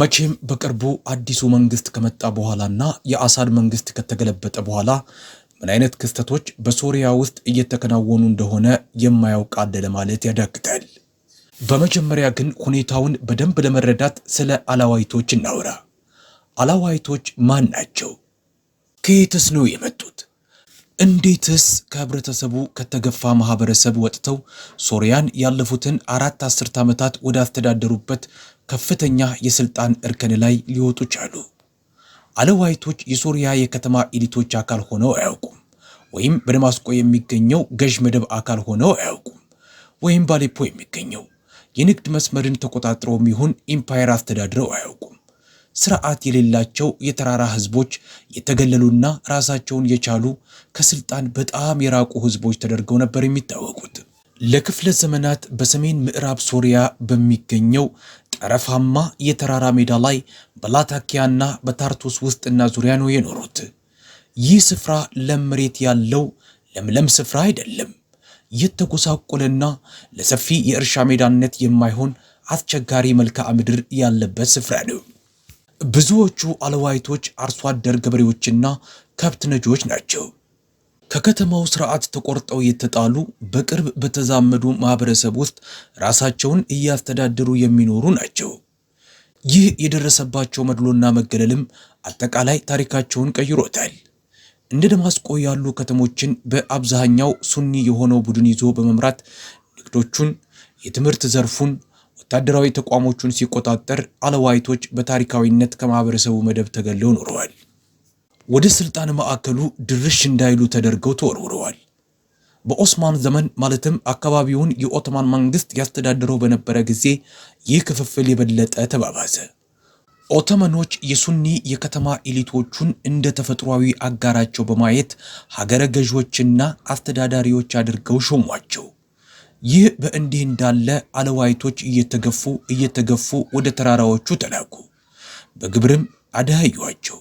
መቼም በቅርቡ አዲሱ መንግስት ከመጣ በኋላና የአሳድ መንግስት ከተገለበጠ በኋላ ምን አይነት ክስተቶች በሶሪያ ውስጥ እየተከናወኑ እንደሆነ የማያውቅ አለ ለማለት ያዳግታል። በመጀመሪያ ግን ሁኔታውን በደንብ ለመረዳት ስለ አላዋይቶች እናውራ። አላዋይቶች ማን ናቸው? ከየትስ ነው የመጡት? እንዴትስ ከህብረተሰቡ ከተገፋ ማህበረሰብ ወጥተው ሶሪያን ያለፉትን አራት አስርት ዓመታት ወዳስተዳደሩበት ከፍተኛ የስልጣን እርከን ላይ ሊወጡ ቻሉ። አለዋይቶች የሶሪያ የከተማ ኤሊቶች አካል ሆነው አያውቁም፣ ወይም በደማስቆ የሚገኘው ገዥ መደብ አካል ሆነው አያውቁም፣ ወይም ባሌፖ የሚገኘው የንግድ መስመርን ተቆጣጥረውም ይሁን ኢምፓየር አስተዳድረው አያውቁም። ስርዓት የሌላቸው የተራራ ህዝቦች የተገለሉና ራሳቸውን የቻሉ ከስልጣን በጣም የራቁ ህዝቦች ተደርገው ነበር የሚታወቁት። ለክፍለ ዘመናት በሰሜን ምዕራብ ሶሪያ በሚገኘው ጠረፋማ የተራራ ሜዳ ላይ በላታኪያና በታርቱስ ውስጥና ዙሪያ ነው የኖሩት። ይህ ስፍራ ለም መሬት ያለው ለምለም ስፍራ አይደለም። የተጎሳቆለና ለሰፊ የእርሻ ሜዳነት የማይሆን አስቸጋሪ መልክዓ ምድር ያለበት ስፍራ ነው። ብዙዎቹ አለዋይቶች አርሶ አደር ገበሬዎችና ከብት ነጂዎች ናቸው። ከከተማው ስርዓት ተቆርጠው የተጣሉ በቅርብ በተዛመዱ ማህበረሰብ ውስጥ ራሳቸውን እያስተዳደሩ የሚኖሩ ናቸው። ይህ የደረሰባቸው መድሎና መገለልም አጠቃላይ ታሪካቸውን ቀይሮታል። እንደ ደማስቆ ያሉ ከተሞችን በአብዛኛው ሱኒ የሆነው ቡድን ይዞ በመምራት ንግዶቹን፣ የትምህርት ዘርፉን፣ ወታደራዊ ተቋሞቹን ሲቆጣጠር አለዋይቶች በታሪካዊነት ከማህበረሰቡ መደብ ተገለው ኖረዋል። ወደ ስልጣን ማዕከሉ ድርሽ እንዳይሉ ተደርገው ተወርውረዋል። በኦስማን ዘመን ማለትም አካባቢውን የኦቶማን መንግስት ያስተዳድረው በነበረ ጊዜ ይህ ክፍፍል የበለጠ ተባባሰ። ኦቶመኖች የሱኒ የከተማ ኤሊቶቹን እንደ ተፈጥሯዊ አጋራቸው በማየት ሀገረ ገዢዎችና አስተዳዳሪዎች አድርገው ሾሟቸው። ይህ በእንዲህ እንዳለ አለዋይቶች እየተገፉ እየተገፉ ወደ ተራራዎቹ ተላኩ፣ በግብርም አደሃዩአቸው።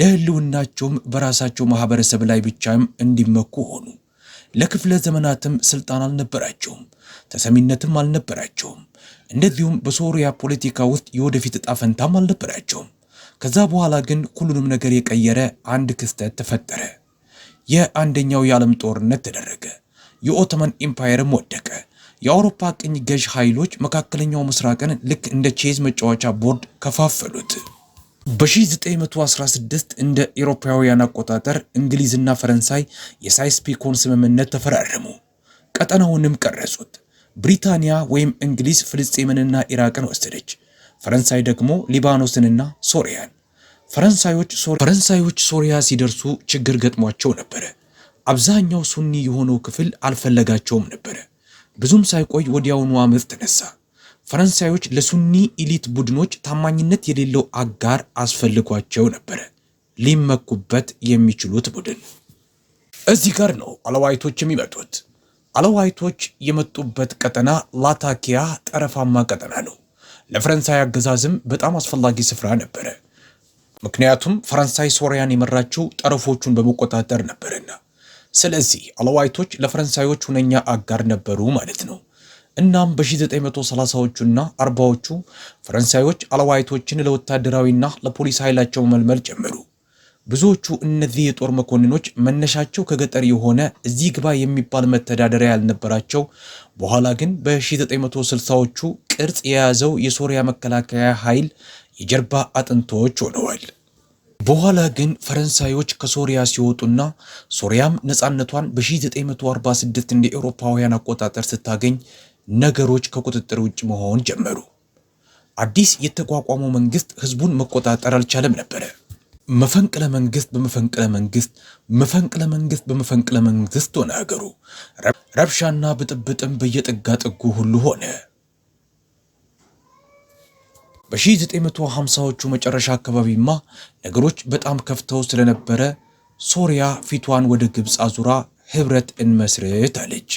ለህልውናቸውም በራሳቸው ማህበረሰብ ላይ ብቻም እንዲመኩ ሆኑ። ለክፍለ ዘመናትም ስልጣን አልነበራቸውም፣ ተሰሚነትም አልነበራቸውም። እንደዚሁም በሶሪያ ፖለቲካ ውስጥ የወደፊት እጣ ፈንታም አልነበራቸውም። ከዛ በኋላ ግን ሁሉንም ነገር የቀየረ አንድ ክስተት ተፈጠረ። የአንደኛው የዓለም ጦርነት ተደረገ። የኦቶማን ኤምፓየርም ወደቀ። የአውሮፓ ቅኝ ገዥ ኃይሎች መካከለኛው ምስራቅን ልክ እንደ ቼዝ መጫወቻ ቦርድ ከፋፈሉት። በ1916 እንደ ኤሮፓውያን አቆጣጠር እንግሊዝና ፈረንሳይ የሳይስ ፒኮን ስምምነት ተፈራረሙ። ቀጠናውንም ቀረጹት። ብሪታንያ ወይም እንግሊዝ ፍልስጤምንና ኢራቅን ወሰደች። ፈረንሳይ ደግሞ ሊባኖስንና ሶሪያን። ፈረንሳዮች ሶሪያ ሲደርሱ ችግር ገጥሟቸው ነበረ። አብዛኛው ሱኒ የሆነው ክፍል አልፈለጋቸውም ነበረ። ብዙም ሳይቆይ ወዲያውኑ አመፅ ተነሳ። ፈረንሳዮች ለሱኒ ኢሊት ቡድኖች ታማኝነት የሌለው አጋር አስፈልጓቸው ነበረ። ሊመኩበት የሚችሉት ቡድን እዚህ ጋር ነው አለዋይቶች የሚመጡት። አለዋይቶች የመጡበት ቀጠና ላታኪያ ጠረፋማ ቀጠና ነው። ለፈረንሳይ አገዛዝም በጣም አስፈላጊ ስፍራ ነበረ። ምክንያቱም ፈረንሳይ ሶሪያን የመራችው ጠረፎቹን በመቆጣጠር ነበርና። ስለዚህ አለዋይቶች ለፈረንሳዮች ሁነኛ አጋር ነበሩ ማለት ነው። እናም በ1930ዎቹና 40ዎቹ ፈረንሳዮች አለዋይቶችን ለወታደራዊና ለፖሊስ ኃይላቸው መልመል ጀመሩ። ብዙዎቹ እነዚህ የጦር መኮንኖች መነሻቸው ከገጠር የሆነ እዚህ ግባ የሚባል መተዳደሪያ ያልነበራቸው፣ በኋላ ግን በ1960ዎቹ ቅርጽ የያዘው የሶሪያ መከላከያ ኃይል የጀርባ አጥንቶች ሆነዋል። በኋላ ግን ፈረንሳዮች ከሶሪያ ሲወጡና ሶሪያም ነፃነቷን በ1946 እንደ ኤውሮፓውያን አቆጣጠር ስታገኝ ነገሮች ከቁጥጥር ውጭ መሆን ጀመሩ። አዲስ የተቋቋመው መንግስት ህዝቡን መቆጣጠር አልቻለም ነበረ። መፈንቅለ መንግስት በመፈንቅለ መንግስት መፈንቅለ መንግስት በመፈንቅለ መንግስት ሆነ ሀገሩ። ረብሻና ብጥብጥም በየጥጋ ጥጉ ሁሉ ሆነ። በ1950ዎቹ መጨረሻ አካባቢማ ነገሮች በጣም ከፍተው ስለነበረ ሶሪያ ፊቷን ወደ ግብፅ አዙራ ህብረት እንመስርት አለች።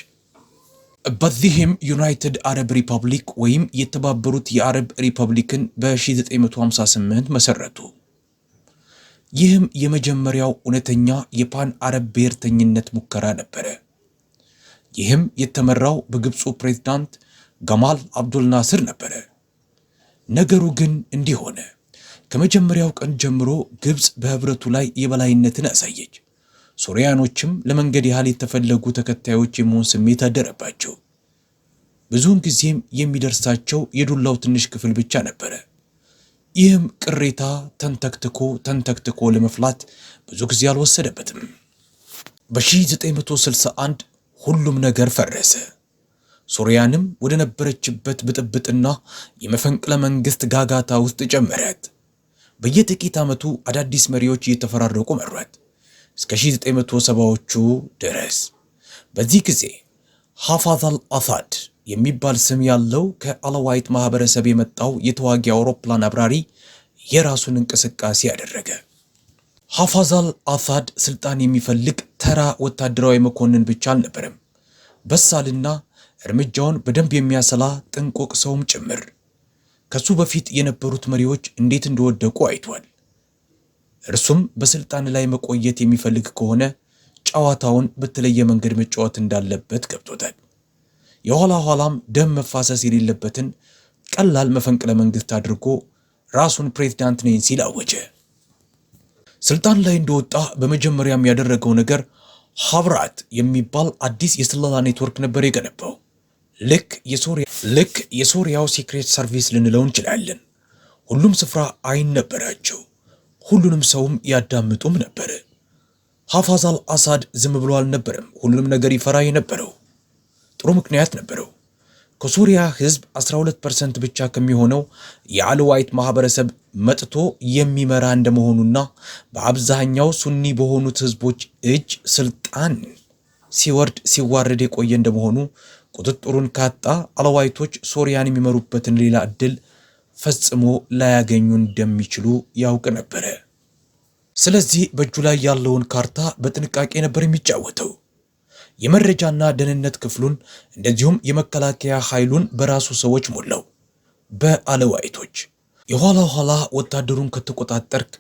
በዚህም ዩናይትድ አረብ ሪፐብሊክ ወይም የተባበሩት የአረብ ሪፐብሊክን በ1958 መሰረቱ። ይህም የመጀመሪያው እውነተኛ የፓን አረብ ብሔርተኝነት ሙከራ ነበረ። ይህም የተመራው በግብፁ ፕሬዝዳንት ገማል አብዱል ናስር ነበረ። ነገሩ ግን እንዲህ ሆነ። ከመጀመሪያው ቀን ጀምሮ ግብፅ በህብረቱ ላይ የበላይነትን አሳየች። ሶርያኖችም ለመንገድ ያህል የተፈለጉ ተከታዮች የመሆን ስሜት አደረባቸው። ብዙውን ጊዜም የሚደርሳቸው የዱላው ትንሽ ክፍል ብቻ ነበረ። ይህም ቅሬታ ተንተክትኮ ተንተክትኮ ለመፍላት ብዙ ጊዜ አልወሰደበትም። በ1961 ሁሉም ነገር ፈረሰ። ሶርያንም ወደ ነበረችበት ብጥብጥና የመፈንቅለ መንግስት ጋጋታ ውስጥ ጨመረት። በየጥቂት ዓመቱ አዳዲስ መሪዎች እየተፈራረቁ መሯት። እስከ 1970ዎቹ ድረስ። በዚህ ጊዜ ሐፋዛል አሳድ የሚባል ስም ያለው ከአለዋይት ማህበረሰብ የመጣው የተዋጊ አውሮፕላን አብራሪ የራሱን እንቅስቃሴ አደረገ። ሐፋዛል አሳድ ስልጣን የሚፈልግ ተራ ወታደራዊ መኮንን ብቻ አልነበረም። በሳልና እርምጃውን በደንብ የሚያሰላ ጥንቁቅ ሰውም ጭምር። ከሱ በፊት የነበሩት መሪዎች እንዴት እንደወደቁ አይቷል። እርሱም በስልጣን ላይ መቆየት የሚፈልግ ከሆነ ጨዋታውን በተለየ መንገድ መጫወት እንዳለበት ገብቶታል። የኋላ ኋላም ደም መፋሰስ የሌለበትን ቀላል መፈንቅለ መንግስት አድርጎ ራሱን ፕሬዝዳንት ነኝ ሲል አወጀ። ስልጣን ላይ እንደወጣ በመጀመሪያም ያደረገው ነገር ሀብራት የሚባል አዲስ የስለላ ኔትወርክ ነበር የገነባው። ልክ የሶሪያው ሲክሬት ሰርቪስ ልንለው እንችላለን። ሁሉም ስፍራ አይን ነበራቸው። ሁሉንም ሰውም ያዳምጡም ነበር። ሐፋዝ አልአሳድ ዝም ብሎ አልነበረም። ሁሉንም ነገር ይፈራ የነበረው ጥሩ ምክንያት ነበረው። ከሱሪያ ህዝብ 12% ብቻ ከሚሆነው የአልዋይት ማህበረሰብ መጥቶ የሚመራ እንደመሆኑና በአብዛኛው ሱኒ በሆኑት ህዝቦች እጅ ስልጣን ሲወርድ ሲዋረድ የቆየ እንደመሆኑ ቁጥጥሩን ካጣ አልዋይቶች ሶሪያን የሚመሩበትን ሌላ ዕድል ፈጽሞ ላያገኙ እንደሚችሉ ያውቅ ነበረ። ስለዚህ በእጁ ላይ ያለውን ካርታ በጥንቃቄ ነበር የሚጫወተው። የመረጃና ደህንነት ክፍሉን እንደዚሁም የመከላከያ ኃይሉን በራሱ ሰዎች ሞላው፣ በአለዋይቶች። የኋላ ኋላ ወታደሩን ከተቆጣጠርክ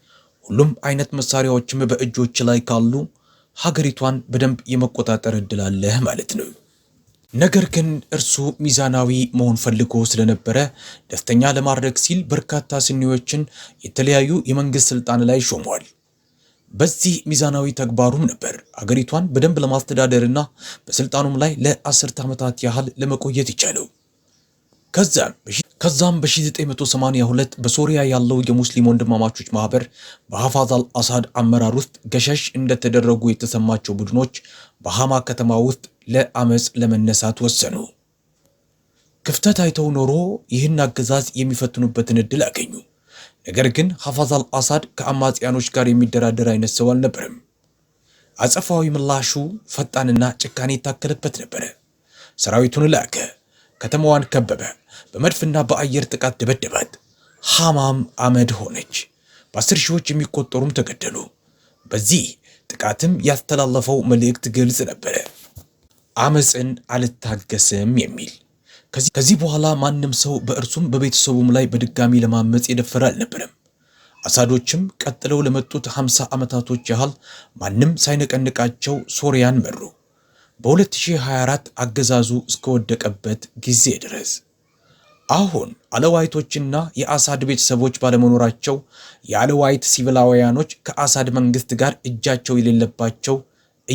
ሁሉም አይነት መሳሪያዎችም በእጆች ላይ ካሉ ሀገሪቷን በደንብ የመቆጣጠር እድል አለህ ማለት ነው። ነገር ግን እርሱ ሚዛናዊ መሆን ፈልጎ ስለነበረ ደስተኛ ለማድረግ ሲል በርካታ ስኒዎችን የተለያዩ የመንግስት ስልጣን ላይ ሾሟል። በዚህ ሚዛናዊ ተግባሩም ነበር አገሪቷን በደንብ ለማስተዳደርና በስልጣኑም ላይ ለአስርተ ዓመታት ያህል ለመቆየት ይቻለው። ከዛም በ1982 በሶሪያ ያለው የሙስሊም ወንድማማቾች ማህበር በሐፋዝ አልአሳድ አመራር ውስጥ ገሸሽ እንደተደረጉ የተሰማቸው ቡድኖች በሐማ ከተማ ውስጥ ለአመፅ ለመነሳት ወሰኑ። ክፍተት አይተው ኖሮ ይህን አገዛዝ የሚፈትኑበትን ዕድል አገኙ። ነገር ግን ሐፋዝ አልአሳድ ከአማጽያኖች ጋር የሚደራደር አይነት ሰው አልነበረም። አጸፋዊ ምላሹ ፈጣንና ጭካኔ የታከለበት ነበረ። ሰራዊቱን ላከ። ከተማዋን ከበበ። በመድፍና በአየር ጥቃት ደበደባት። ሐማም አመድ ሆነች። በአስር ሺዎች የሚቆጠሩም ተገደሉ። በዚህ ጥቃትም ያስተላለፈው መልእክት ግልጽ ነበረ፣ አመፅን አልታገስም የሚል። ከዚህ በኋላ ማንም ሰው በእርሱም በቤተሰቡም ላይ በድጋሚ ለማመፅ የደፈረ አልነበረም። አሳዶችም ቀጥለው ለመጡት 50 ዓመታቶች ያህል ማንም ሳይነቀንቃቸው ሶርያን መሩ። በ2024 አገዛዙ እስከወደቀበት ጊዜ ድረስ አሁን አለዋይቶችና የአሳድ ቤተሰቦች ባለመኖራቸው የአለዋይት ሲቪላውያኖች ከአሳድ መንግስት ጋር እጃቸው የሌለባቸው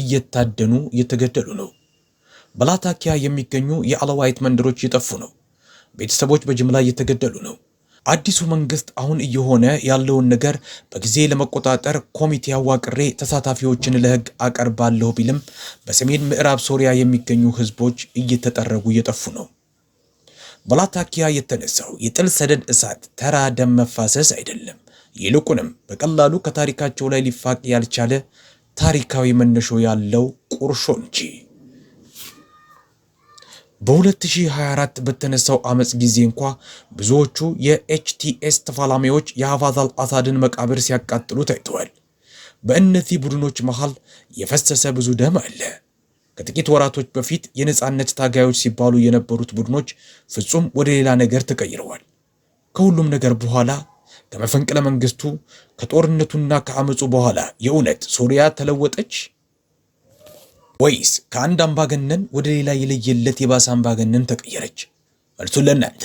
እየታደኑ እየተገደሉ ነው። በላታኪያ የሚገኙ የአለዋይት መንደሮች እየጠፉ ነው። ቤተሰቦች በጅምላ እየተገደሉ ነው። አዲሱ መንግስት አሁን እየሆነ ያለውን ነገር በጊዜ ለመቆጣጠር ኮሚቴ አዋቅሬ ተሳታፊዎችን ለህግ አቀርባለሁ ቢልም በሰሜን ምዕራብ ሶሪያ የሚገኙ ህዝቦች እየተጠረጉ እየጠፉ ነው። በላታኪያ የተነሳው የጥል ሰደድ እሳት ተራ ደም መፋሰስ አይደለም። ይልቁንም በቀላሉ ከታሪካቸው ላይ ሊፋቅ ያልቻለ ታሪካዊ መነሾ ያለው ቁርሾ እንጂ በ2024 በተነሳው አመፅ ጊዜ እንኳ ብዙዎቹ የኤችቲኤስ ተፋላሚዎች የሐፋዝ አሳድን መቃብር ሲያቃጥሉ ታይተዋል። በእነዚህ ቡድኖች መሃል የፈሰሰ ብዙ ደም አለ። ከጥቂት ወራቶች በፊት የነፃነት ታጋዮች ሲባሉ የነበሩት ቡድኖች ፍጹም ወደ ሌላ ነገር ተቀይረዋል። ከሁሉም ነገር በኋላ ከመፈንቅለ መንግስቱ ከጦርነቱና ከአመፁ በኋላ የእውነት ሶሪያ ተለወጠች? ወይስ ከአንድ አምባገነን ወደ ሌላ የለየለት የባሰ አምባገነን ተቀየረች? መልሱን ለእናንተ